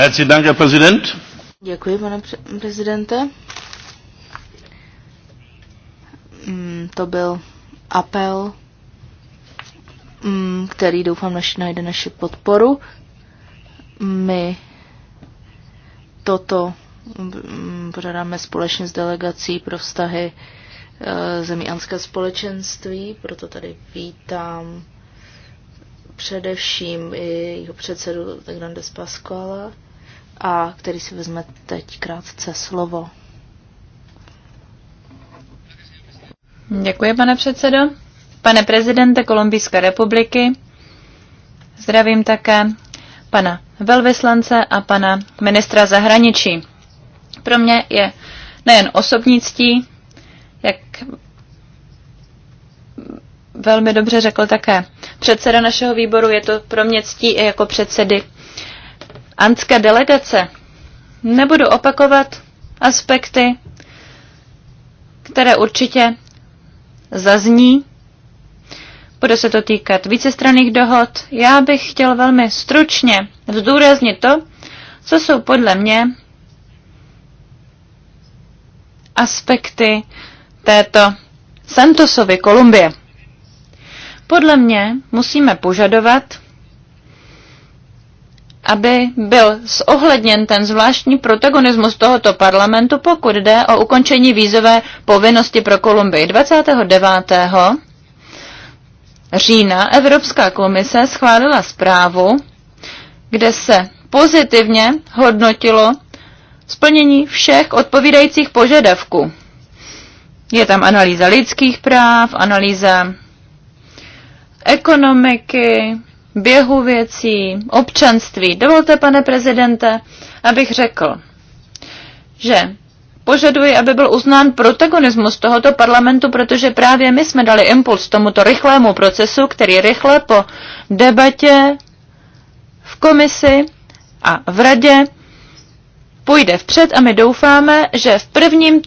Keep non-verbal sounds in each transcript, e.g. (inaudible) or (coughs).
Herzlichen Dank, Herr Präsident. Děkuji, pane prezidente. Mm, to byl apel, mm, který doufám naši, najde naši podporu. My toto mm, pořádáme společně s delegací pro vztahy e, zemí Anské společenství, proto tady vítám především i jeho předsedu Grandes Pasquala, a který si vezme teď krátce slovo. Děkuji, pane předsedo. Pane prezidente Kolumbijské republiky, zdravím také pana velvyslance a pana ministra zahraničí. Pro mě je nejen osobní ctí, jak velmi dobře řekl také předseda našeho výboru, je to pro mě ctí i jako předsedy antské delegace. Nebudu opakovat aspekty, které určitě zazní. Bude se to týkat vícestranných dohod. Já bych chtěl velmi stručně zdůraznit to, co jsou podle mě aspekty této Santosovy Kolumbie. Podle mě musíme požadovat aby byl zohledněn ten zvláštní protagonismus tohoto parlamentu, pokud jde o ukončení vízové povinnosti pro Kolumbii. 29. října Evropská komise schválila zprávu, kde se pozitivně hodnotilo splnění všech odpovídajících požadavků. Je tam analýza lidských práv, analýza ekonomiky, běhu věcí, občanství. Dovolte, pane prezidente, abych řekl, že požaduji, aby byl uznán protagonismus tohoto parlamentu, protože právě my jsme dali impuls tomuto rychlému procesu, který rychle po debatě v komisi a v radě půjde vpřed a my doufáme, že v prvním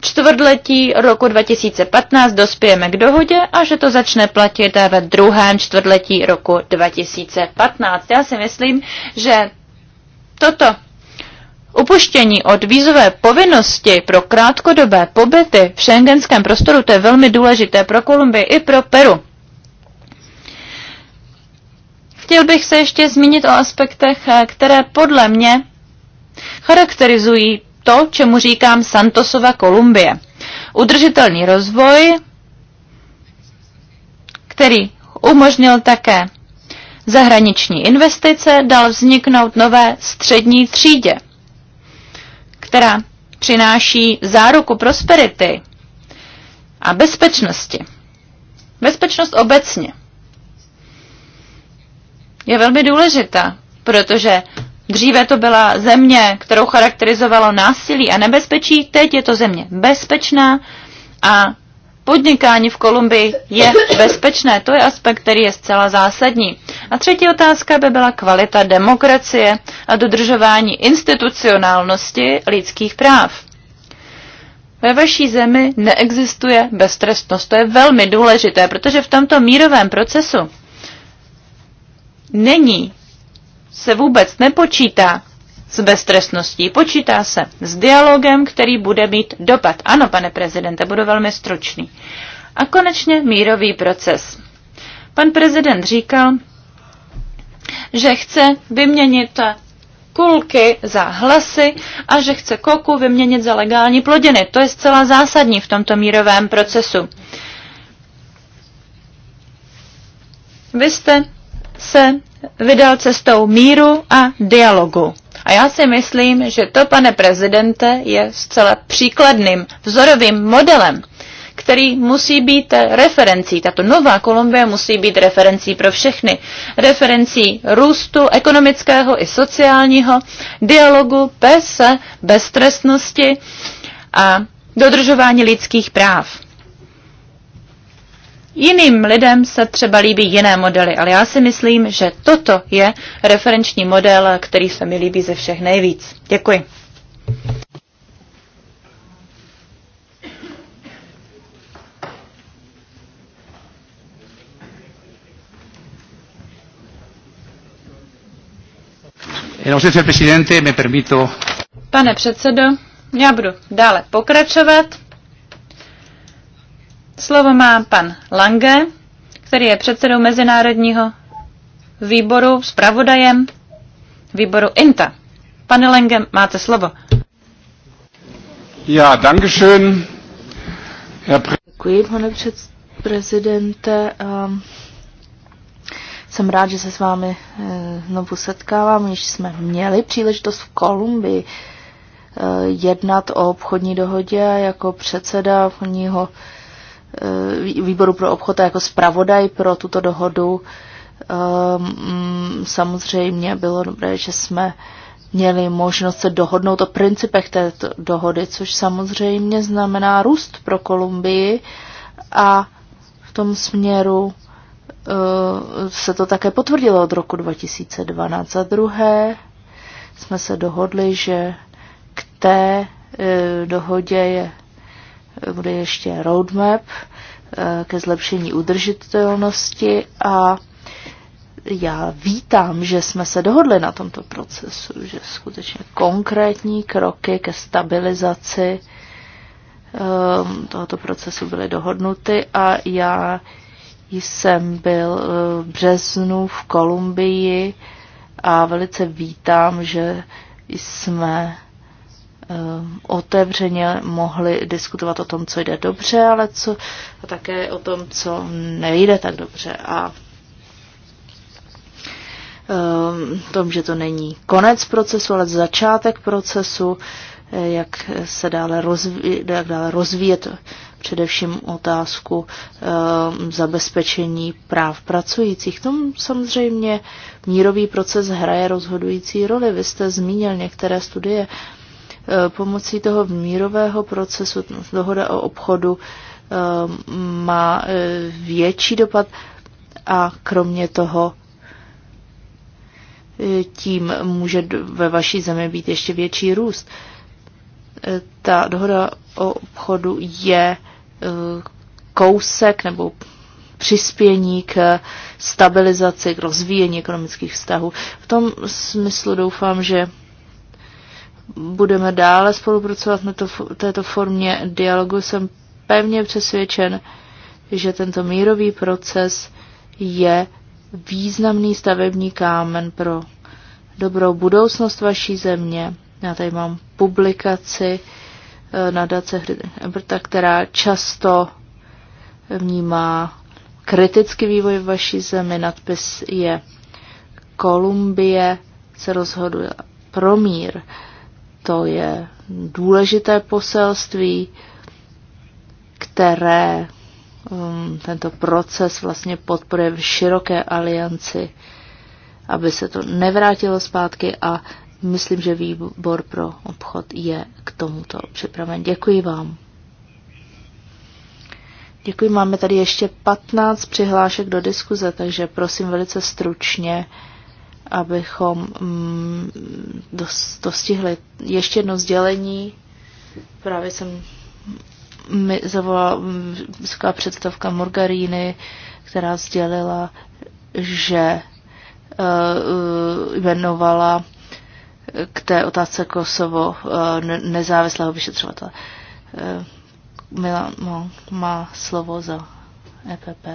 čtvrtletí roku 2015 dospějeme k dohodě a že to začne platit ve druhém čtvrtletí roku 2015. Já si myslím, že toto Upuštění od vízové povinnosti pro krátkodobé pobyty v šengenském prostoru, to je velmi důležité pro Kolumbii i pro Peru. Chtěl bych se ještě zmínit o aspektech, eh, které podle mě charakterizují to, čemu říkám Santosova Kolumbie. Udržitelný rozvoj, který umožnil také zahraniční investice, dal vzniknout nové střední třídě, která přináší záruku prosperity a bezpečnosti. Bezpečnost obecně je velmi důležitá, protože Dříve to byla země, kterou charakterizovalo násilí a nebezpečí, teď je to země bezpečná a podnikání v Kolumbii je bezpečné. To je aspekt, který je zcela zásadní. A třetí otázka by byla kvalita demokracie a dodržování institucionálnosti lidských práv. Ve vaší zemi neexistuje beztrestnost. To je velmi důležité, protože v tomto mírovém procesu není se vůbec nepočítá s beztrestností, počítá se s dialogem, který bude mít dopad. Ano, pane prezidente, budu velmi stručný. A konečně mírový proces. Pan prezident říkal, že chce vyměnit kulky za hlasy a že chce koku vyměnit za legální plodiny. To je zcela zásadní v tomto mírovém procesu. Vy jste se vydal cestou míru a dialogu. A já si myslím, že to, pane prezidente, je zcela příkladným vzorovým modelem, který musí být referencí. Tato nová Kolumbie musí být referencí pro všechny. Referencí růstu ekonomického i sociálního, dialogu bez beztrestnosti a dodržování lidských práv. Jiným lidem se třeba líbí jiné modely, ale já si myslím, že toto je referenční model, který se mi líbí ze všech nejvíc. Děkuji. Eh, no Pane předsedo, já budu dále pokračovat. Slovo má pan Lange, který je předsedou Mezinárodního výboru, s pravodajem výboru INTA. Pane Lange, máte slovo. Ja, danke schön. Herr Děkuji, pane prezidente. Ehm, jsem rád, že se s vámi eh, znovu setkávám, když jsme měli příležitost v Kolumbii eh, jednat o obchodní dohodě jako předseda obchodního Eh, výboru pro obchod a jako zpravodaj pro tuto dohodu. Eh, mm, samozřejmě bylo dobré, že jsme měli možnost se dohodnout o principech této dohody, což samozřejmě znamená růst pro Kolumbii a v tom směru eh, se to také potvrdilo od roku 2012. Za druhé jsme se dohodli, že k té dohodě je bude ještě roadmap eh, ke zlepšení udržitelnosti a já vítám, že jsme se dohodli na tomto procesu, že skutečně konkrétní kroky ke stabilizaci ehm, tohoto procesu byly dohodnuty a já jsem byl eh, v březnu v Kolumbii a velice vítám, že jsme Eh, otevřeně mohli diskutovat o tom, co jde dobře, ale co, a také o tom, co nejde tak dobře. A eh, tom, že to není konec procesu, ale začátek procesu, eh, jak se dále, rozví, jak dále rozvíjet především otázku e, zabezpečení práv pracujících. Tom samozřejmě mírový proces hraje rozhodující roli. Vy jste zmínil některé studie, Eh, pomocí toho mírového procesu dohoda o obchodu eh, má eh, větší dopad a kromě toho tím může ve vaší zemi být ještě větší růst. Ta dohoda o obchodu je kousek nebo přispění k stabilizaci, k rozvíjení ekonomických vztahů. V tom smyslu doufám, že budeme dále spolupracovat na to, této formě dialogu. Jsem pevně přesvědčen, že tento mírový proces je významný stavební kámen pro dobrou budoucnost vaší země. Já tady mám publikaci eh, Dace Eberta, která často vnímá kritický vývoj v vaší zemi. Nadpis je Kolumbie se rozhoduje pro mír. Uh, to je důležité poselství, které um, tento proces vlastně podporuje v široké alianci, aby se to nevrátilo zpátky a myslím, že výbor pro obchod je k tomuto připraven. Děkuji vám. Děkuji, máme tady ještě 15 přihlášek do diskuze, takže prosím velice stručně abychom mm, dostihli. Ještě jedno sdělení. Právě jsem mi zavolala mm, vysoká představka Morgaríny, která sdělila, že eh, jmenovala k té otázce Kosovo eh, nezávislého vyšetřovatele. Eh, Milan no, má slovo za EPP.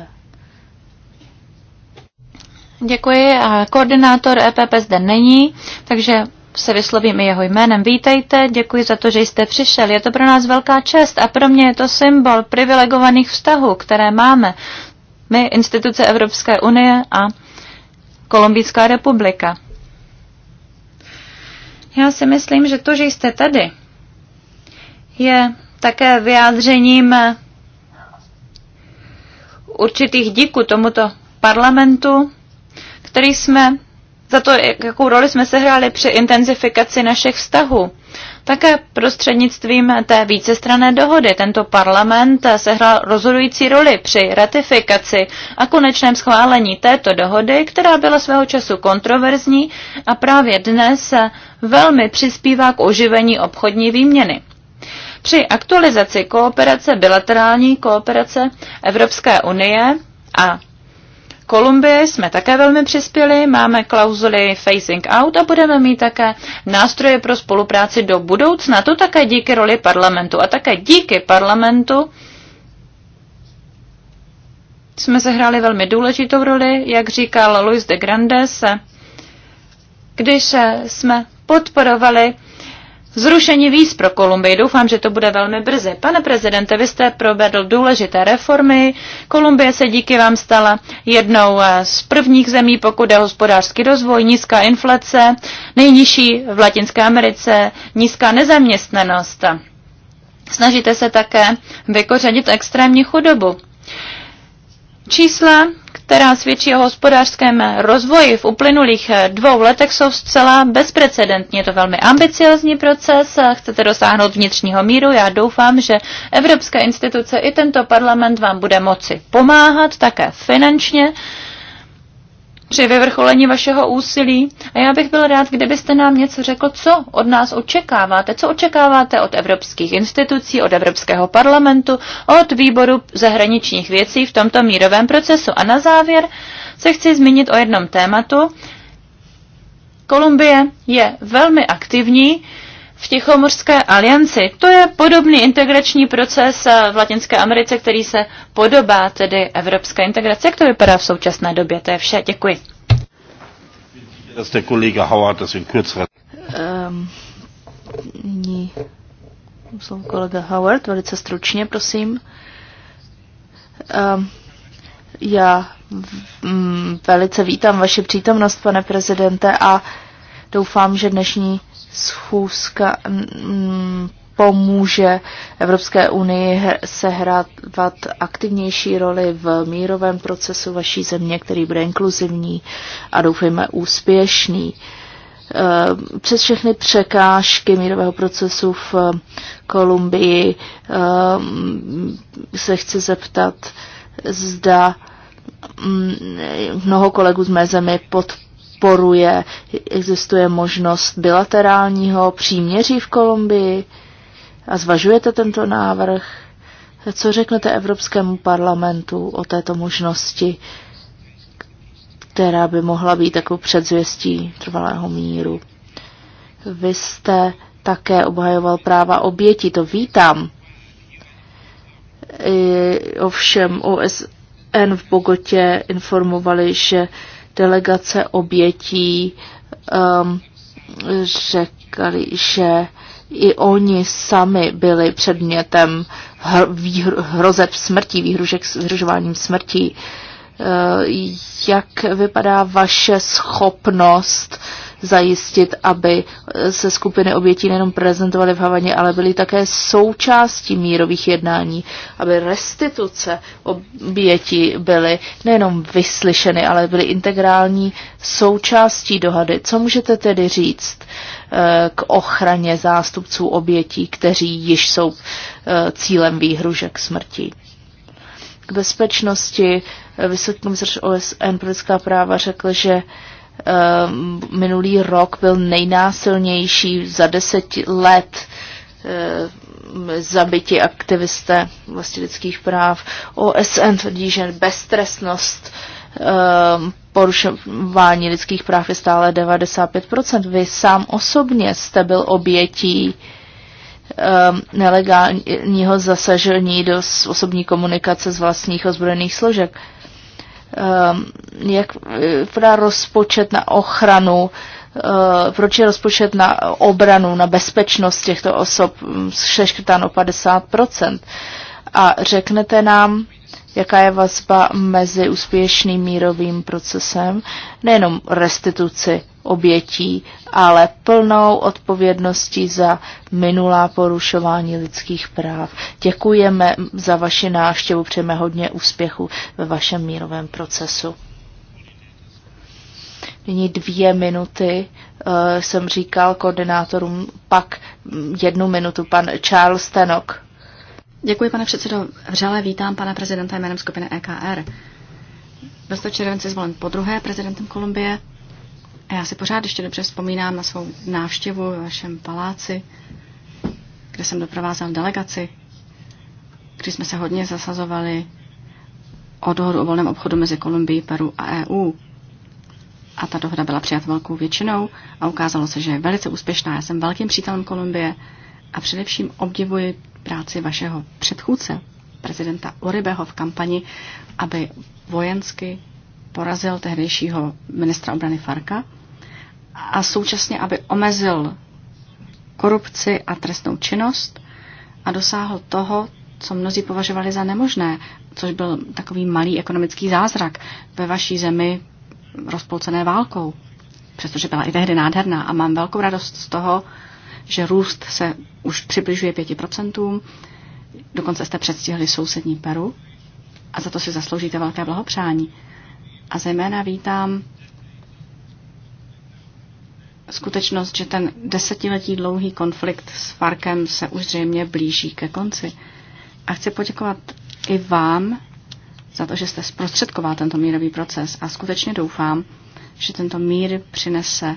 Děkuji. Koordinátor EPP zde není, takže se vyslovím i jeho jménem. Vítejte, děkuji za to, že jste přišel. Je to pro nás velká čest a pro mě je to symbol privilegovaných vztahů, které máme. My, instituce Evropské unie a Kolumbijská republika. Já si myslím, že to, že jste tady, je také vyjádřením určitých díků tomuto parlamentu který jsme, za to, jakou roli jsme sehráli při intenzifikaci našich vztahů. Také prostřednictvím té vícestrané dohody tento parlament sehrál rozhodující roli při ratifikaci a konečném schválení této dohody, která byla svého času kontroverzní a právě dnes velmi přispívá k oživení obchodní výměny. Při aktualizaci kooperace, bilaterální kooperace Evropské unie a Kolumbii jsme také velmi přispěli, máme klauzuly phasing out a budeme mít také nástroje pro spolupráci do budoucna. To také díky roli parlamentu a také díky parlamentu jsme sehráli velmi důležitou roli, jak říkal Luis de Grandes, když jsme podporovali Zrušení víz pro Kolumbii. Doufám, že to bude velmi brzy. Pane prezidente, vy jste provedl důležité reformy. Kolumbie se díky vám stala jednou eh, z prvních zemí, pokud je hospodářský rozvoj, nízká inflace, nejnižší v Latinské Americe, nízká nezaměstnanost. Snažíte se také vykořenit extrémní chudobu. Čísla, která svědčí o hospodářském rozvoji v uplynulých dvou letech, jsou zcela bezprecedentní. Je to velmi ambiciozní proces, chcete dosáhnout vnitřního míru. Já doufám, že Evropské instituce i tento parlament vám bude moci pomáhat také finančně při vyvrcholení vašeho úsilí a já bych byl rád, kdybyste nám něco řekl, co od nás očekáváte, co očekáváte od evropských institucí, od Evropského parlamentu, od výboru zahraničních věcí v tomto mírovém procesu. A na závěr se chci zmínit o jednom tématu. Kolumbie je velmi aktivní v Tichomorské alianci. To je podobný integrační proces eh, v Latinské Americe, který se podobá tedy evropské integraci. Jak to vypadá v současné době? To je vše. Děkuji. Um, nyní slovo kolega Howard, velice stručně, prosím. Um, já mm, velice vítám vaši přítomnost, pane prezidente, a doufám, že dnešní schůzka mm, mm, pomůže Evropské unii sehrávat aktivnější roli v mírovém procesu vaší země, který bude inkluzivní a doufejme úspěšný. E, přes všechny překážky mírového procesu v Kolumbii e, se chci zeptat, zda mm, mnoho kolegů z mé zemi podporuje podporuje? Existuje možnost bilaterálního příměří v Kolumbii? A zvažujete tento návrh? Co řeknete Evropskému parlamentu o této možnosti, která by mohla být takovou předzvěstí trvalého míru? Vy jste také obhajoval práva obětí, to vítám. I, ovšem OSN v Bogotě informovali, že delegace obětí um, řekali, že i oni sami byli předmětem hrozeb smrti, výhružek vyhružováním smrti. Uh, jak vypadá vaše schopnost zajistit, aby se skupiny obětí nejenom prezentovaly v Havaně, ale byly také součástí mírových jednání, aby restituce obětí byly nejenom vyslyšeny, ale byly integrální součástí dohady. Co můžete tedy říct eh, k ochraně zástupců obětí, kteří již jsou eh, cílem výhružek smrti? K bezpečnosti vysoký komisař OSN pro lidská práva řekl, že Eh, minulý rok byl nejnásilnější za deset let eh, zabiti aktivisté vlastně lidských práv. OSN tvrdí, že beztrestnost eh, porušování lidských práv je stále 95%. Vy sám osobně jste byl obětí nelegálního zasažení do osobní komunikace z vlastních ozbrojených složek. Um, jak vypadá eh, rozpočet na ochranu, eh, proč je rozpočet na obranu, na bezpečnost těchto osob hm, seškrtáno 50%. A řeknete nám, jaká je vazba mezi úspěšným mírovým procesem, nejenom restituci obětí, ale plnou odpovědností za minulá porušování lidských práv. Děkujeme za vaši návštěvu, přejeme hodně úspěchu ve vašem mírovém procesu. Nyní dvě minuty eh, jsem říkal koordinátorům, pak jednu minutu pan Charles Tenok. Děkuji, pane předsedo. Vřele vítám pana prezidenta jménem skupiny EKR. Byl jste červenci zvolen po druhé prezidentem Kolumbie a já si pořád ještě dobře vzpomínám na svou návštěvu ve vašem paláci, kde jsem doprovázal delegaci, kdy jsme se hodně zasazovali o dohodu o volném obchodu mezi Kolumbií, Peru a EU. A ta dohoda byla přijata velkou většinou a ukázalo se, že je velice úspěšná. Já jsem velkým přítelem Kolumbie a především obdivuji práci vašeho předchůdce, prezidenta Uribeho v kampani, aby vojensky porazil tehdejšího ministra obrany Farka a současně, aby omezil korupci a trestnou činnost a dosáhl toho, co mnozí považovali za nemožné, což byl takový malý ekonomický zázrak ve vaší zemi rozpolcené válkou, přestože byla i tehdy nádherná. A mám velkou radost z toho, že růst se už přibližuje 5%, dokonce jste předstihli sousední Peru a za to si zasloužíte velké blahopřání. A zejména vítám skutečnost, že ten desetiletí dlouhý konflikt s Farkem se už zřejmě blíží ke konci. A chci poděkovat i vám za to, že jste zprostředkoval tento mírový proces a skutečně doufám, že tento mír přinese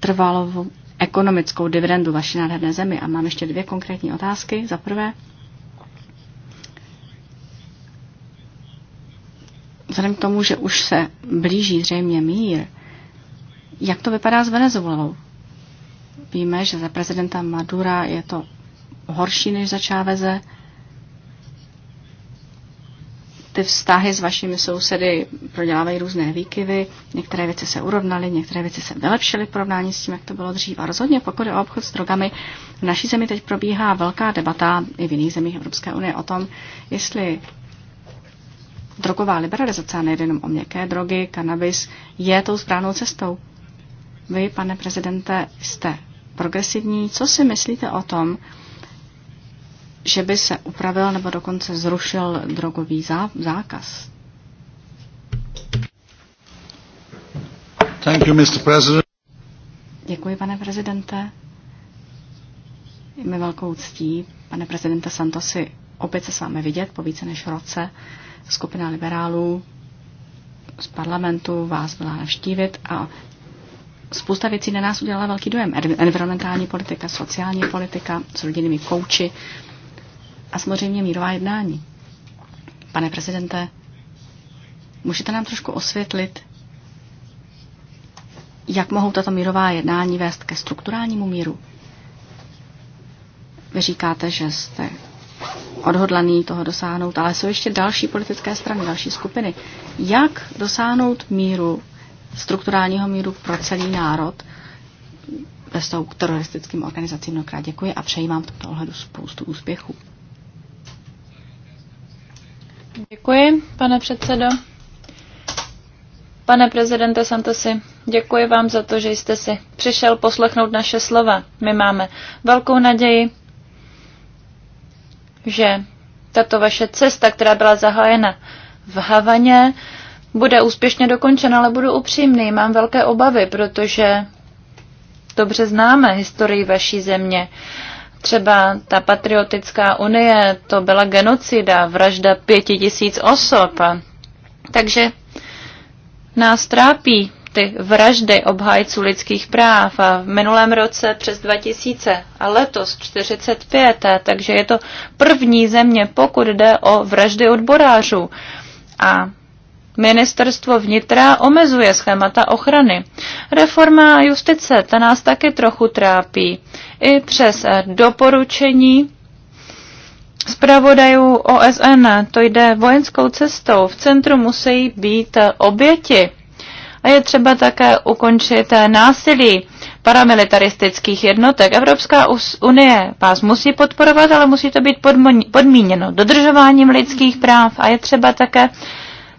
trvalou ekonomickou dividendu vaší nádherné zemi. A mám ještě dvě konkrétní otázky. Za prvé, vzhledem k tomu, že už se blíží zřejmě mír, jak to vypadá s Venezuelou? Víme, že za prezidenta Madura je to horší než za Čáveze. Ty vztahy s vašimi sousedy prodělávají různé výkyvy. Některé věci se urovnaly, některé věci se vylepšily v porovnání s tím, jak to bylo dřív. A rozhodně, pokud je o obchod s drogami, v naší zemi teď probíhá velká debata i v jiných zemích Evropské unie o tom, jestli drogová liberalizace, a jenom o měkké drogy, kanabis, je tou správnou cestou. Vy, pane prezidente, jste progresivní. Co si myslíte o tom, že by se upravil nebo dokonce zrušil drogový zá, zákaz? Thank you, Mr. President. Děkuji, pane prezidente. Je mi velkou ctí, pane prezidente Santosi, opět se s vámi vidět po více než roce. Skupina liberálů z parlamentu vás byla navštívit a spousta věcí na nás udělala velký dojem. Environmentální politika, sociální politika s rodinnými kouči a samozřejmě mírová jednání. Pane prezidente, můžete nám trošku osvětlit, jak mohou tato mírová jednání vést ke strukturálnímu míru? Vy říkáte, že jste odhodlaný toho dosáhnout, ale jsou ještě další politické strany, další skupiny. Jak dosáhnout míru strukturálního míru pro celý národ ve vztahu k teroristickým organizacím. Mnohokrát děkuji a přeji vám v tomto ohledu spoustu úspěchů. Děkuji, pane předsedo. Pane prezidente Santosi, děkuji vám za to, že jste si přišel poslechnout naše slova. My máme velkou naději, že tato vaše cesta, která byla zahájena v Havaně, bude úspěšně dokončen, ale budu upřímný, mám velké obavy, protože dobře známe historii vaší země. Třeba ta patriotická unie, to byla genocida, vražda pěti tisíc osob. Takže nás trápí ty vraždy obhájců lidských práv a v minulém roce přes 2000 a letos 45, takže je to první země, pokud jde o vraždy odborářů. A Ministerstvo vnitra omezuje schémata ochrany. Reforma justice, ta nás taky trochu trápí. I přes eh, doporučení zpravodajů OSN to jde vojenskou cestou. V centru musí být eh, oběti. A je třeba také ukončit eh, násilí paramilitaristických jednotek. Evropská unie vás musí podporovat, ale musí to být podmíněno dodržováním lidských práv a je třeba také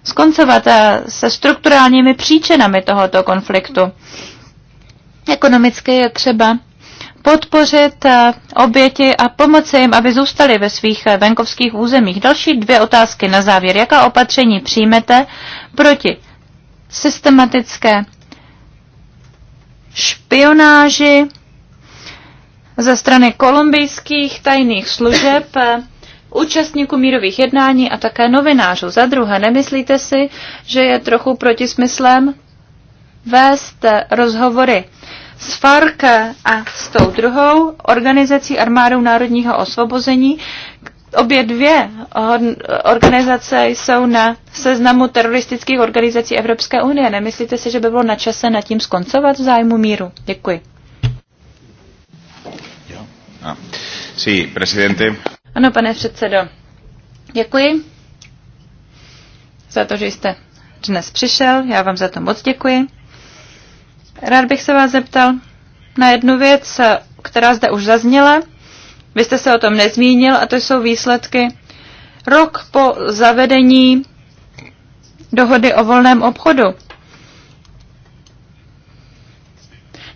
skoncovat eh, se strukturálními příčinami tohoto konfliktu. Ekonomicky je třeba podpořit eh, oběti a pomoci jim, aby zůstali ve svých eh, venkovských územích. Další dvě otázky na závěr. Jaká opatření přijmete proti systematické špionáži ze strany kolumbijských tajných služeb účastníků mírových jednání a také novinářů. Za druhé, nemyslíte si, že je trochu proti smyslem vést rozhovory s FARC a s tou druhou organizací armádou národního osvobození. Obě dvě organizace jsou na seznamu teroristických organizací Evropské unie. Nemyslíte si, že by bylo na čase nad tím skoncovat v zájmu míru? Děkuji. Ah. Sí, presidente. Ano, pane předsedo, děkuji za to, že jste dnes přišel. Já vám za to moc děkuji. Rád bych se vás zeptal na jednu věc, která zde už zazněla. Vy jste se o tom nezmínil a to jsou výsledky. Rok po zavedení dohody o volném obchodu.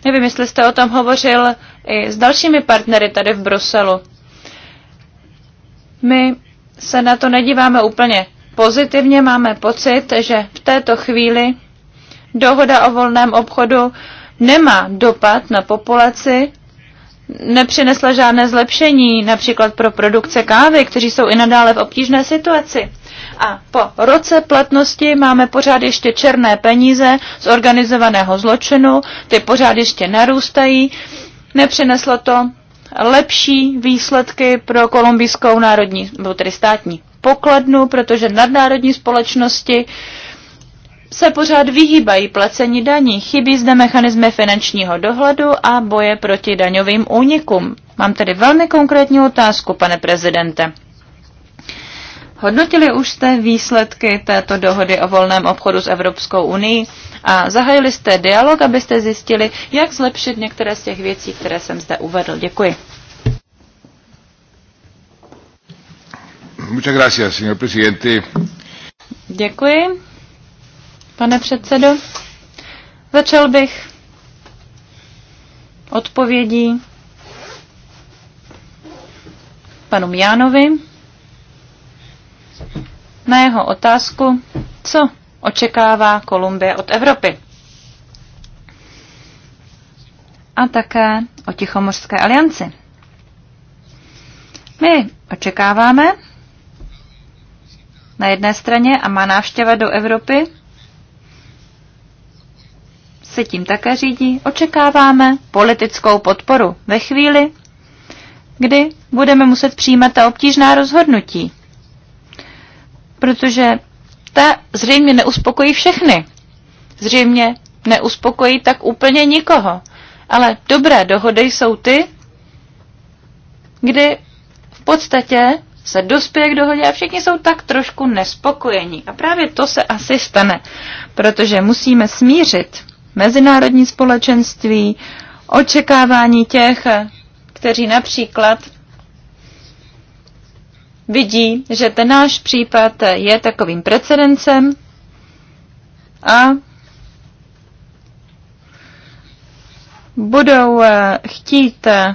Nevím, jestli jste o tom hovořil i s dalšími partnery tady v Bruselu. My se na to nedíváme úplně pozitivně, máme pocit, že v této chvíli dohoda o volném obchodu nemá dopad na populaci, nepřinesla žádné zlepšení, například pro produkce kávy, kteří jsou i nadále v obtížné situaci. A po roce platnosti máme pořád ještě černé peníze z organizovaného zločinu, ty pořád ještě narůstají. Nepřineslo to lepší výsledky pro kolumbijskou národní, nebo tedy státní pokladnu, protože nadnárodní společnosti se pořád vyhýbají placení daní. Chybí zde mechanizmy finančního dohledu a boje proti daňovým únikům. Mám tedy velmi konkrétní otázku, pane prezidente. Hodnotili už jste výsledky této dohody o volném obchodu s Evropskou unii a zahájili jste dialog, abyste zjistili, jak zlepšit některé z těch věcí, které jsem zde uvedl. Děkuji. Muchas gracias, señor presidente. Děkuji, pane předsedo. Začal bych odpovědí panu Jánovi na jeho otázku, co očekává Kolumbie od Evropy. A také o Tichomorské alianci. My očekáváme na jedné straně a má návštěva do Evropy se tím také řídí, očekáváme politickou podporu ve chvíli, kdy budeme muset přijímat ta obtížná rozhodnutí protože ta zřejmě neuspokojí všechny. Zřejmě neuspokojí tak úplně nikoho. Ale dobré dohody jsou ty, kdy v podstatě se dospěje k dohodě a všichni jsou tak trošku nespokojení. A právě to se asi stane, protože musíme smířit mezinárodní společenství, očekávání těch, kteří například vidí, že ten náš případ je takovým precedencem a budou eh, chtít eh,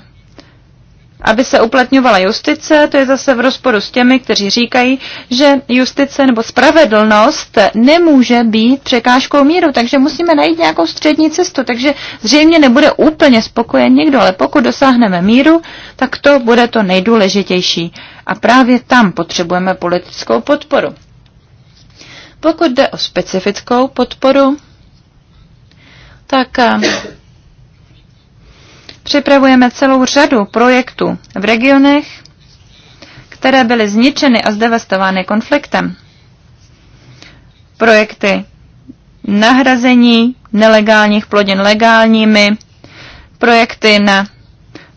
aby se uplatňovala justice, to je zase v rozporu s těmi, kteří říkají, že justice nebo spravedlnost nemůže být překážkou míru, takže musíme najít nějakou střední cestu, takže zřejmě nebude úplně spokojen nikdo, ale pokud dosáhneme míru, tak to bude to nejdůležitější a právě tam potřebujeme politickou podporu. Pokud jde o specifickou podporu, tak eh, Připravujeme celou řadu projektů v regionech, které byly zničeny a zdevastovány konfliktem. Projekty nahrazení nelegálních plodin legálními, projekty na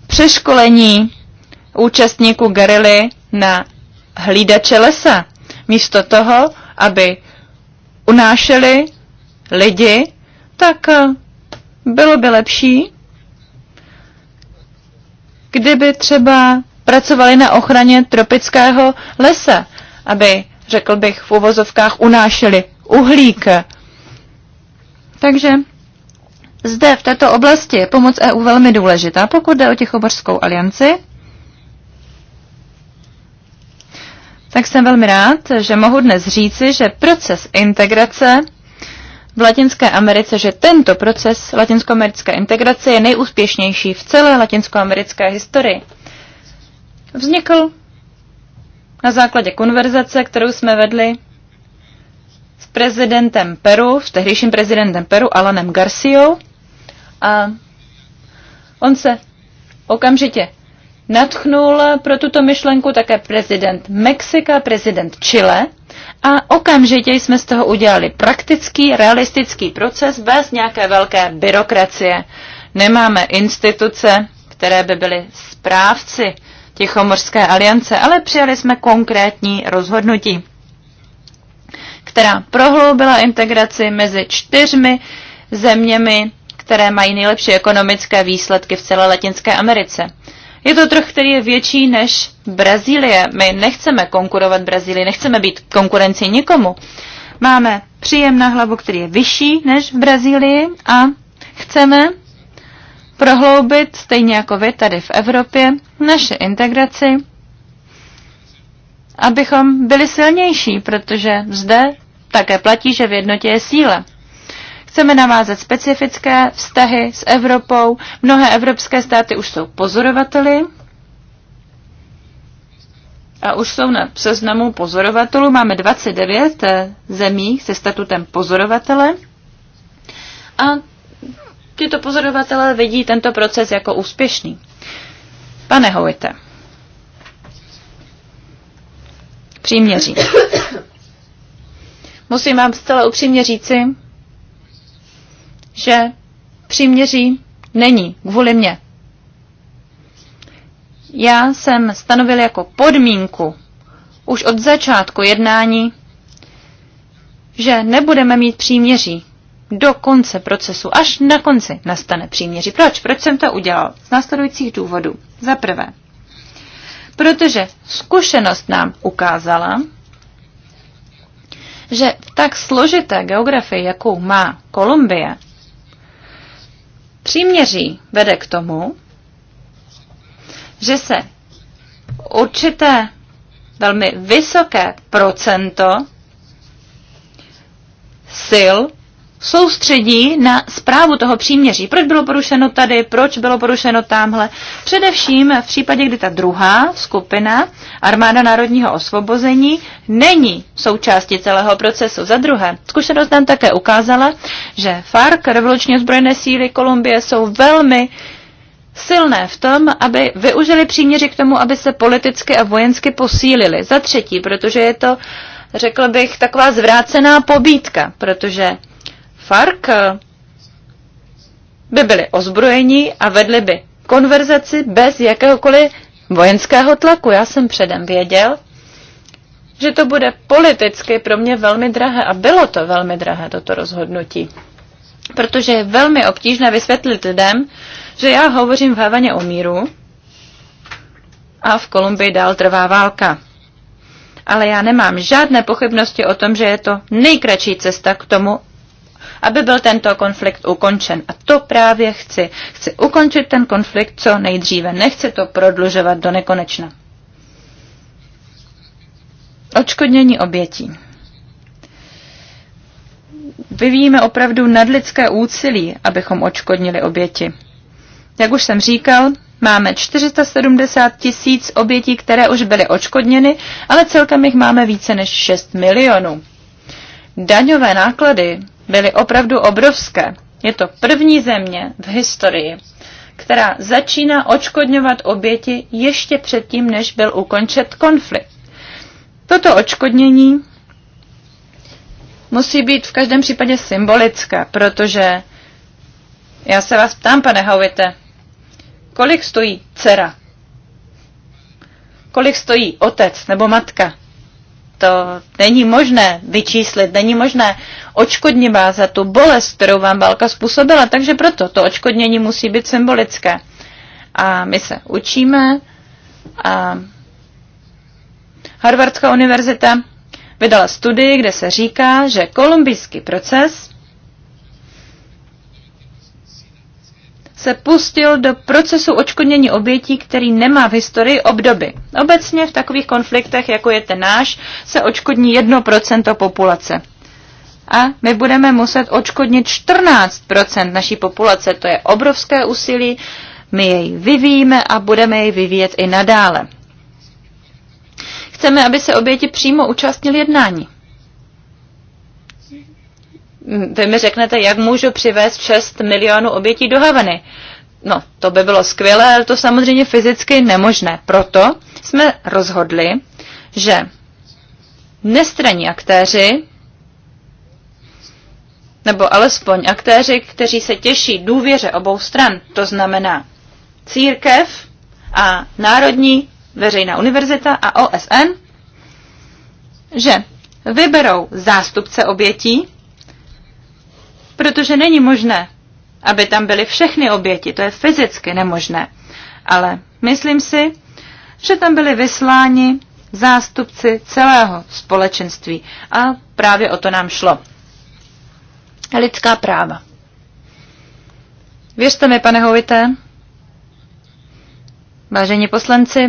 přeškolení účastníků gerily na hlídače lesa, místo toho, aby unášeli lidi, tak eh, bylo by lepší, kdyby třeba pracovali na ochraně tropického lesa, aby, řekl bych, v uvozovkách unášeli uhlík. Takže zde v této oblasti je pomoc EU velmi důležitá, pokud jde o Tichoborskou alianci. Tak jsem velmi rád, že mohu dnes říci, že proces integrace v Latinské Americe, že tento proces latinskoamerické integrace je nejúspěšnější v celé latinskoamerické historii. Vznikl na základě konverzace, kterou jsme vedli s prezidentem Peru, s tehdejším prezidentem Peru Alanem Garciou a on se okamžitě natchnul pro tuto myšlenku také prezident Mexika, prezident Chile a okamžitě jsme z toho udělali praktický, realistický proces bez nějaké velké byrokracie. Nemáme instituce, které by byly správci Tichomorské aliance, ale přijali jsme konkrétní rozhodnutí, která prohloubila integraci mezi čtyřmi zeměmi, které mají nejlepší ekonomické výsledky v celé Latinské Americe. Je to trh, který je větší než Brazílie. My nechceme konkurovat Brazílii, nechceme být konkurenci nikomu. Máme příjem na hlavu, který je vyšší než v Brazílii a chceme prohloubit, stejně jako vy tady v Evropě, naše integraci, abychom byli silnější, protože zde také platí, že v jednotě je síla. Chceme navázat specifické vztahy s Evropou. Mnohé evropské státy už jsou pozorovateli a už jsou na seznamu pozorovatelů. Máme 29 eh, zemí se statutem pozorovatele a tyto pozorovatele vidí tento proces jako úspěšný. Pane Hojte, příměří. (coughs) Musím vám zcela upřímně říci, že příměří není kvůli mě. Já jsem stanovil jako podmínku už od začátku jednání, že nebudeme mít příměří do konce procesu, až na konci nastane příměří. Proč? Proč jsem to udělal? Z následujících důvodů. Za prvé, protože zkušenost nám ukázala, že v tak složité geografii, jakou má Kolumbie, Příměří vede k tomu, že se určité velmi vysoké procento sil soustředí na zprávu toho příměří. Proč bylo porušeno tady, proč bylo porušeno tamhle. Především v případě, kdy ta druhá skupina, Armáda národního osvobození, není součástí celého procesu. Za druhé, zkušenost nám také ukázala, že FARC, revoluční ozbrojené síly Kolumbie, jsou velmi silné v tom, aby využili příměří k tomu, aby se politicky a vojensky posílili. Za třetí, protože je to, řekl bych, taková zvrácená pobídka, protože FARC by byli ozbrojeni a vedli by konverzaci bez jakéhokoliv vojenského tlaku. Já jsem předem věděl, že to bude politicky pro mě velmi drahé a bylo to velmi drahé toto rozhodnutí. Protože je velmi obtížné vysvětlit lidem, že já hovořím v Havaně o míru a v Kolumbii dál trvá válka. Ale já nemám žádné pochybnosti o tom, že je to nejkratší cesta k tomu, aby byl tento konflikt ukončen. A to právě chci. Chci ukončit ten konflikt co nejdříve. Nechci to prodlužovat do nekonečna. Očkodnění obětí. Vyvíjíme opravdu nadlidské úsilí, abychom očkodnili oběti. Jak už jsem říkal, Máme 470 tisíc obětí, které už byly očkodněny, ale celkem jich máme více než 6 milionů. Daňové náklady byly opravdu obrovské. Je to první země v historii, která začíná očkodňovat oběti ještě předtím, než byl ukončen konflikt. Toto očkodnění musí být v každém případě symbolické, protože já se vás ptám, pane Hauvite, kolik stojí dcera? Kolik stojí otec nebo matka? to není možné vyčíslit, není možné vás za tu bolest, kterou vám válka způsobila, takže proto to očkodnění musí být symbolické. A my se učíme a Harvardská univerzita vydala studii, kde se říká, že kolumbijský proces se pustil do procesu očkodnění obětí, který nemá v historii obdoby. Obecně v takových konfliktech, jako je ten náš, se očkodní 1% populace. A my budeme muset očkodnit 14% naší populace. To je obrovské úsilí, my jej vyvíjíme a budeme jej vyvíjet i nadále. Chceme, aby se oběti přímo účastnili jednání. Hm, vy mi řeknete, jak můžu přivést 6 milionů obětí do Havany. No, to by bylo skvělé, ale to samozřejmě fyzicky nemožné. Proto jsme rozhodli, že nestraní aktéři, nebo alespoň aktéři, kteří se těší důvěře obou stran, to znamená církev a Národní veřejná univerzita a OSN, že vyberou zástupce obětí protože není možné, aby tam byly všechny oběti, to je fyzicky nemožné. Ale myslím si, že tam byly vysláni zástupci celého společenství a právě o to nám šlo. Lidská práva. Věřte mi, pane Hovité, vážení poslanci,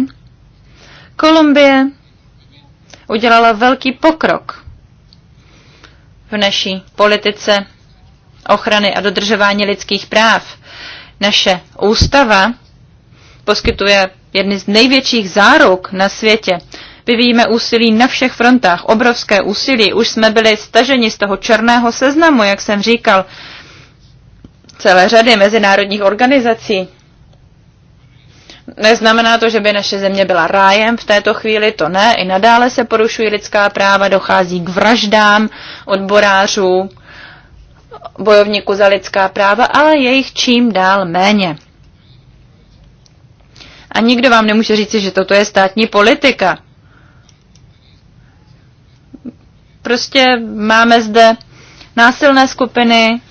Kolumbie udělala velký pokrok v naší politice ochrany a dodržování lidských práv. Naše ústava poskytuje jedny z největších záruk na světě. Vyvíjíme úsilí na všech frontách, obrovské úsilí. Už jsme byli staženi z toho černého seznamu, jak jsem říkal, celé řady mezinárodních organizací. Neznamená to, že by naše země byla rájem v této chvíli, to ne. I nadále se porušují lidská práva, dochází k vraždám odborářů, bojovníků za lidská práva, ale je jich čím dál méně. A nikdo vám nemůže říci, že toto je státní politika. Prostě máme zde násilné skupiny,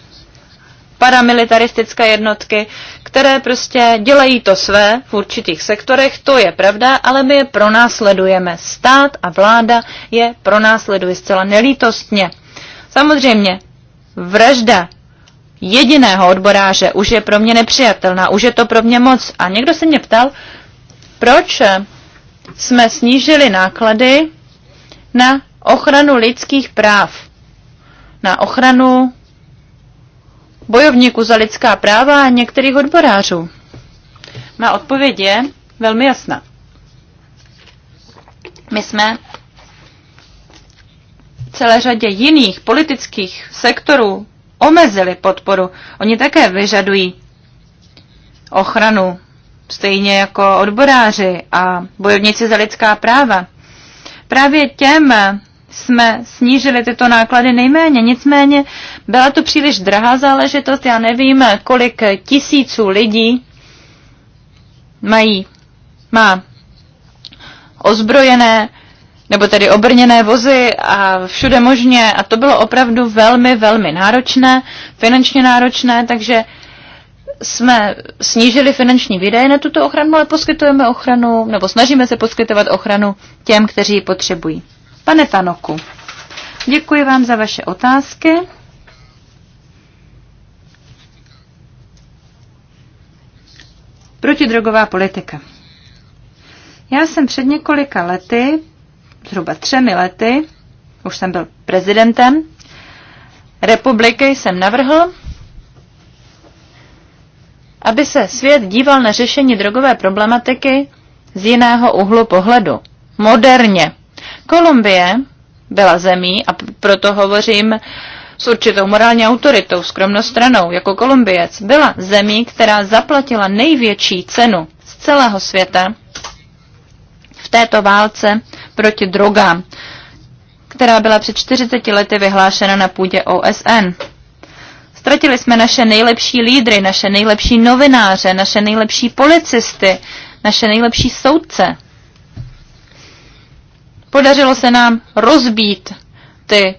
paramilitaristické jednotky, které prostě dělají to své v určitých sektorech, to je pravda, ale my je pronásledujeme. Stát a vláda je pronásleduje zcela nelítostně. Samozřejmě, vražda jediného odboráře už je pro mě nepřijatelná, už je to pro mě moc. A někdo se mě ptal, proč eh, jsme snížili náklady na ochranu lidských práv, na ochranu bojovníků za lidská práva a některých odborářů. Má odpověď je velmi jasná. My jsme celé řadě jiných politických sektorů omezili podporu. Oni také vyžadují ochranu, stejně jako odboráři a bojovníci za lidská práva. Právě těm jsme snížili tyto náklady nejméně, nicméně byla to příliš drahá záležitost, já nevím, kolik tisíců lidí mají, má ozbrojené nebo tedy obrněné vozy a všude možně. A to bylo opravdu velmi, velmi náročné, finančně náročné, takže jsme snížili finanční výdaje na tuto ochranu, ale poskytujeme ochranu, nebo snažíme se poskytovat ochranu těm, kteří ji potřebují. Pane Tanoku, děkuji vám za vaše otázky. Protidrogová politika. Já jsem před několika lety zhruba třemi lety, už jsem byl prezidentem, republiky jsem navrhl, aby se svět díval na řešení drogové problematiky z jiného úhlu pohledu. Moderně. Kolumbie byla zemí, a proto hovořím s určitou morální autoritou, skromnou stranou, jako Kolumbiec, byla zemí, která zaplatila největší cenu z celého světa v této válce proti drogám, která byla před 40 lety vyhlášena na půdě OSN. Ztratili jsme naše nejlepší lídry, naše nejlepší novináře, naše nejlepší policisty, naše nejlepší soudce. Podařilo se nám rozbít ty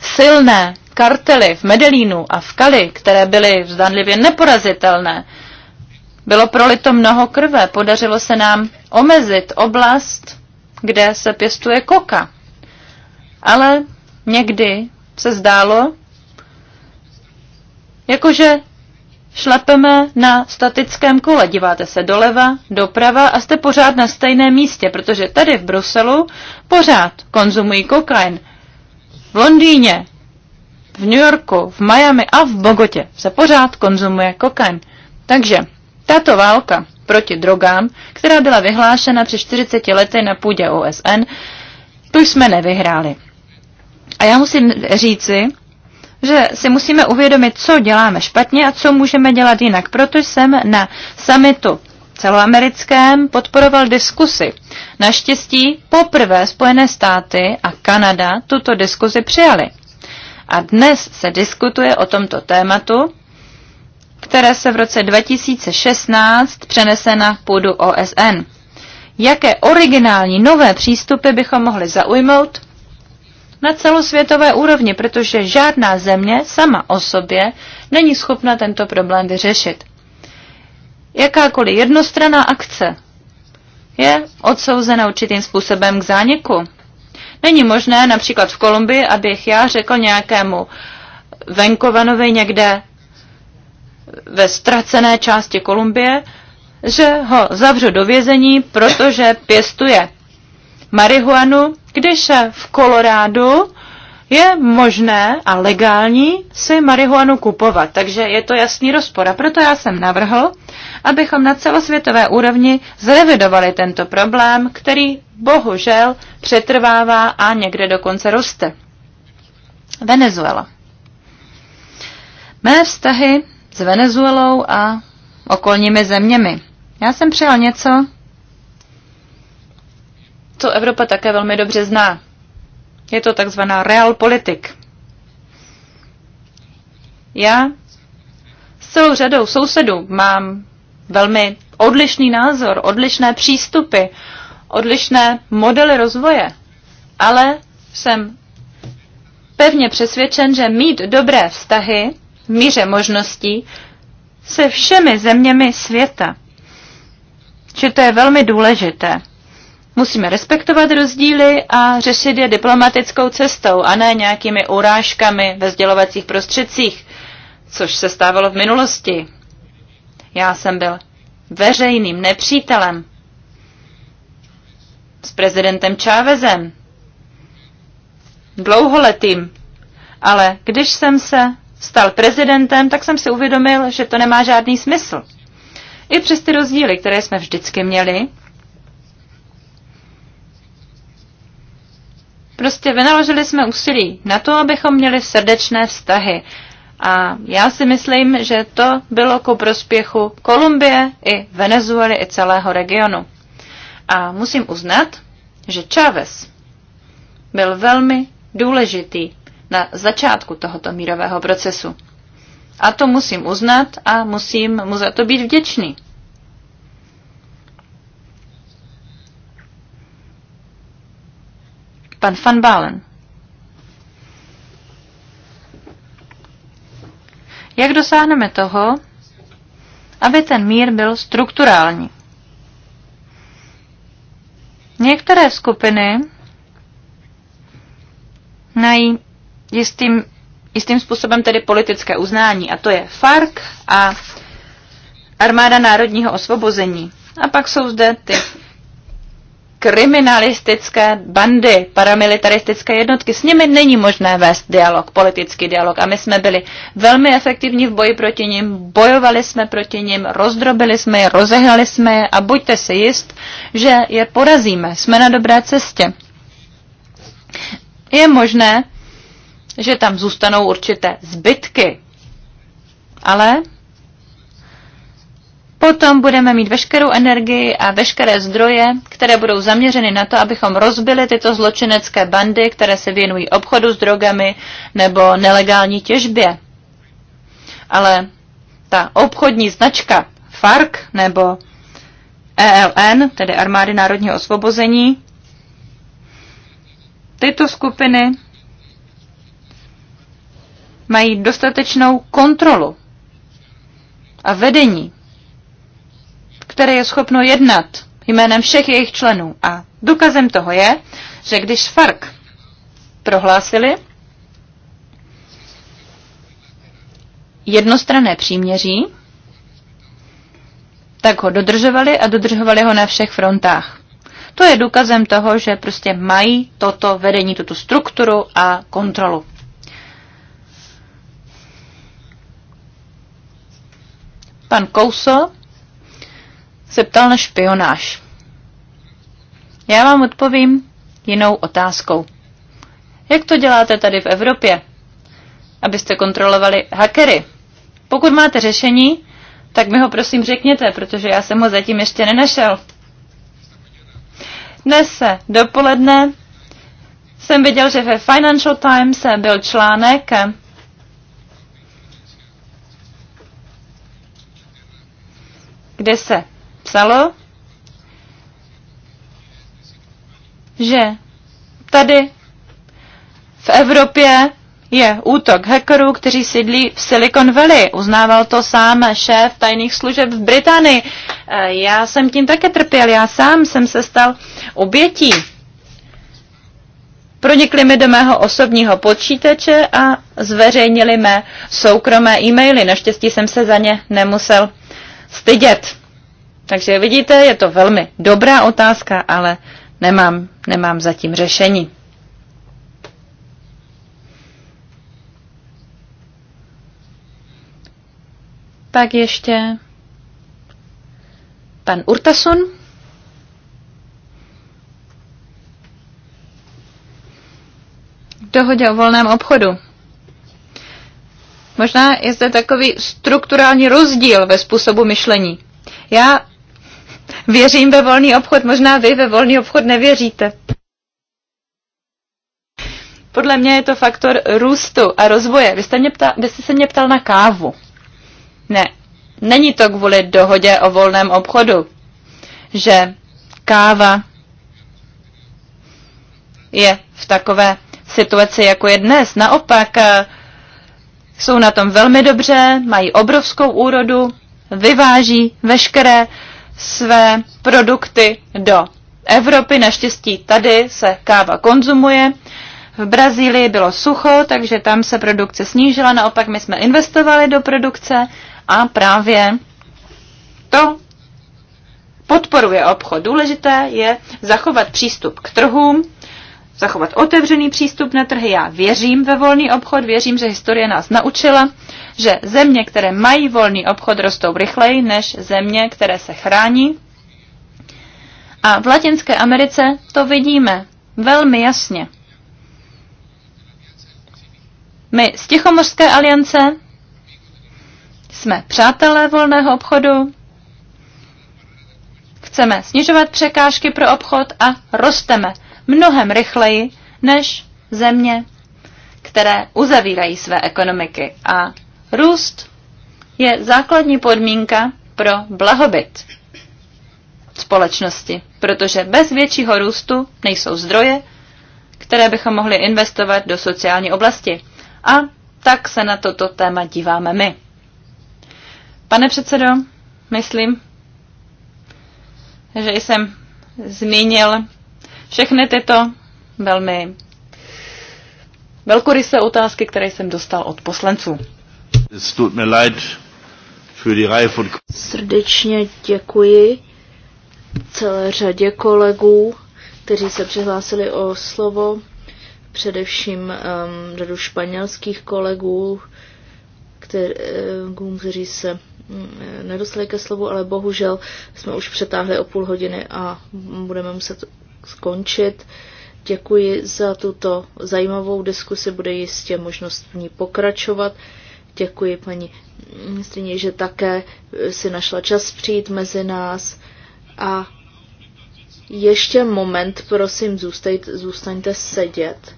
silné kartely v Medellínu a v Kali, které byly vzdanlivě neporazitelné. Bylo prolito mnoho krve, podařilo se nám omezit oblast, kde se pěstuje koka. Ale někdy se zdálo, jakože šlapeme na statickém kole. Díváte se doleva, doprava a jste pořád na stejném místě, protože tady v Bruselu pořád konzumují kokain. V Londýně, v New Yorku, v Miami a v Bogotě se pořád konzumuje kokain. Takže tato válka proti drogám, která byla vyhlášena před 40 lety na půdě OSN, tu jsme nevyhráli. A já musím říci, že si musíme uvědomit, co děláme špatně a co můžeme dělat jinak. Proto jsem na summitu celoamerickém podporoval diskusy. Naštěstí poprvé Spojené státy a Kanada tuto diskuzi přijali. A dnes se diskutuje o tomto tématu která se v roce 2016 přenese na půdu OSN. Jaké originální nové přístupy bychom mohli zaujmout na celosvětové úrovni, protože žádná země sama o sobě není schopna tento problém vyřešit. Jakákoliv jednostranná akce je odsouzena určitým způsobem k zániku. Není možné například v Kolumbii, abych já řekl nějakému venkovanovi někde ve ztracené části Kolumbie, že ho zavřu do vězení, protože pěstuje marihuanu, když v Kolorádu je možné a legální si marihuanu kupovat. Takže je to jasný rozpor. A proto já jsem navrhl, abychom na celosvětové úrovni zrevidovali tento problém, který bohužel přetrvává a někde dokonce roste. Venezuela. Mé vztahy s Venezuelou a okolními zeměmi. Já jsem přijal něco, co Evropa také velmi dobře zná. Je to takzvaná realpolitik. Já s celou řadou sousedů mám velmi odlišný názor, odlišné přístupy, odlišné modely rozvoje, ale jsem pevně přesvědčen, že mít dobré vztahy míře možností se všemi zeměmi světa. Že to je velmi důležité. Musíme respektovat rozdíly a řešit je diplomatickou cestou a ne nějakými urážkami ve sdělovacích prostředcích, což se stávalo v minulosti. Já jsem byl veřejným nepřítelem s prezidentem Chávezem, dlouholetým, ale když jsem se stal prezidentem, tak jsem si uvědomil, že to nemá žádný smysl. I přes ty rozdíly, které jsme vždycky měli, prostě vynaložili jsme úsilí na to, abychom měli srdečné vztahy. A já si myslím, že to bylo ku prospěchu Kolumbie i Venezuely i celého regionu. A musím uznat, že Chávez byl velmi důležitý na začátku tohoto mírového procesu. A to musím uznat a musím mu za to být vděčný. Pan Van Balen. Jak dosáhneme toho, aby ten mír byl strukturální? Některé skupiny mají jistým, jistým způsobem tedy politické uznání, a to je FARC a Armáda národního osvobození. A pak jsou zde ty kriminalistické bandy, paramilitaristické jednotky. S nimi není možné vést dialog, politický dialog. A my jsme byli velmi efektivní v boji proti nim, bojovali jsme proti nim, rozdrobili jsme je, rozehnali jsme je a buďte si jist, že je porazíme. Jsme na dobré cestě. Je možné že tam zůstanou určité zbytky, ale potom budeme mít veškerou energii a veškeré zdroje, které budou zaměřeny na to, abychom rozbili tyto zločinecké bandy, které se věnují obchodu s drogami nebo nelegální těžbě. Ale ta obchodní značka FARC nebo ELN, tedy Armády národního osvobození, tyto skupiny mají dostatečnou kontrolu a vedení, které je schopno jednat jménem všech jejich členů. A důkazem toho je, že když FARC prohlásili jednostranné příměří, tak ho dodržovali a dodržovali ho na všech frontách. To je důkazem toho, že prostě mají toto vedení, tuto strukturu a kontrolu. Pan Kouso se ptal na špionáž. Já vám odpovím jinou otázkou. Jak to děláte tady v Evropě, abyste kontrolovali hackery? Pokud máte řešení, tak mi ho prosím řekněte, protože já jsem ho zatím ještě nenašel. Dnes se dopoledne jsem viděl, že ve Financial Times byl článek, kde se psalo, že tady v Evropě je útok hackerů, kteří sídlí v Silicon Valley. Uznával to sám šéf tajných služeb v Británii. E, já jsem tím také trpěl, já sám jsem se stal obětí. Pronikli mi do mého osobního počítače a zveřejnili mé soukromé e-maily. Naštěstí jsem se za ně nemusel stydět. Takže vidíte, je to velmi dobrá otázka, ale nemám, nemám zatím řešení. Pak ještě pan Urtason. Dohodě o volném obchodu. Možná je zde takový strukturální rozdíl ve způsobu myšlení. Já věřím ve volný obchod, možná vy ve volný obchod nevěříte. Podle mě je to faktor růstu a rozvoje. Vy jste, mě ptal, vy jste se mě ptal na kávu. Ne, není to kvůli dohodě o volném obchodu, že káva je v takové situaci, jako je dnes. Naopak, eh, jsou na tom velmi dobře, mají obrovskou úrodu, vyváží veškeré své produkty do Evropy. Naštěstí tady se káva konzumuje. V Brazílii bylo sucho, takže tam se produkce snížila, naopak my jsme investovali do produkce a právě to podporuje obchod. Důležité je zachovat přístup k trhům, zachovat otevřený přístup na trhy. Já věřím ve volný obchod, věřím, že historie nás naučila, že země, které mají volný obchod, rostou rychleji než země, které se chrání. A v Latinské Americe to vidíme velmi jasně. My z Tichomořské aliance jsme přátelé volného obchodu, chceme snižovat překážky pro obchod a rosteme mnohem rychleji než země, které uzavírají své ekonomiky. A růst je základní podmínka pro blahobyt společnosti, protože bez většího růstu nejsou zdroje, které bychom mohli investovat do sociální oblasti. A tak se na toto téma díváme my. Pane předsedo, myslím, že jsem zmínil všechny tyto velmi velkorysé otázky, které jsem dostal od poslanců. Srdečně děkuji celé řadě kolegů, kteří se přihlásili o slovo, především um, řadu španělských kolegů, kteří se mm, nedostali ke slovu, ale bohužel jsme už přetáhli o půl hodiny a budeme muset skončit. Děkuji za tuto zajímavou diskusi, bude jistě možnost v ní pokračovat. Děkuji paní ministrině, že také si našla čas přijít mezi nás. A ještě moment, prosím, zůstejte, zůstaňte sedět.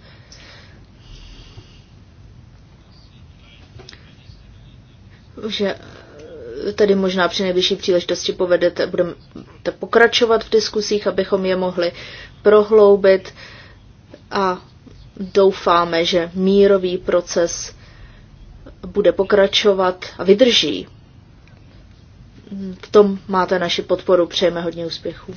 Že tedy možná při nejbližší příležitosti povedete, budeme pokračovat v diskusích, abychom je mohli prohloubit a doufáme, že mírový proces bude pokračovat a vydrží. V tom máte naši podporu, přejeme hodně úspěchů.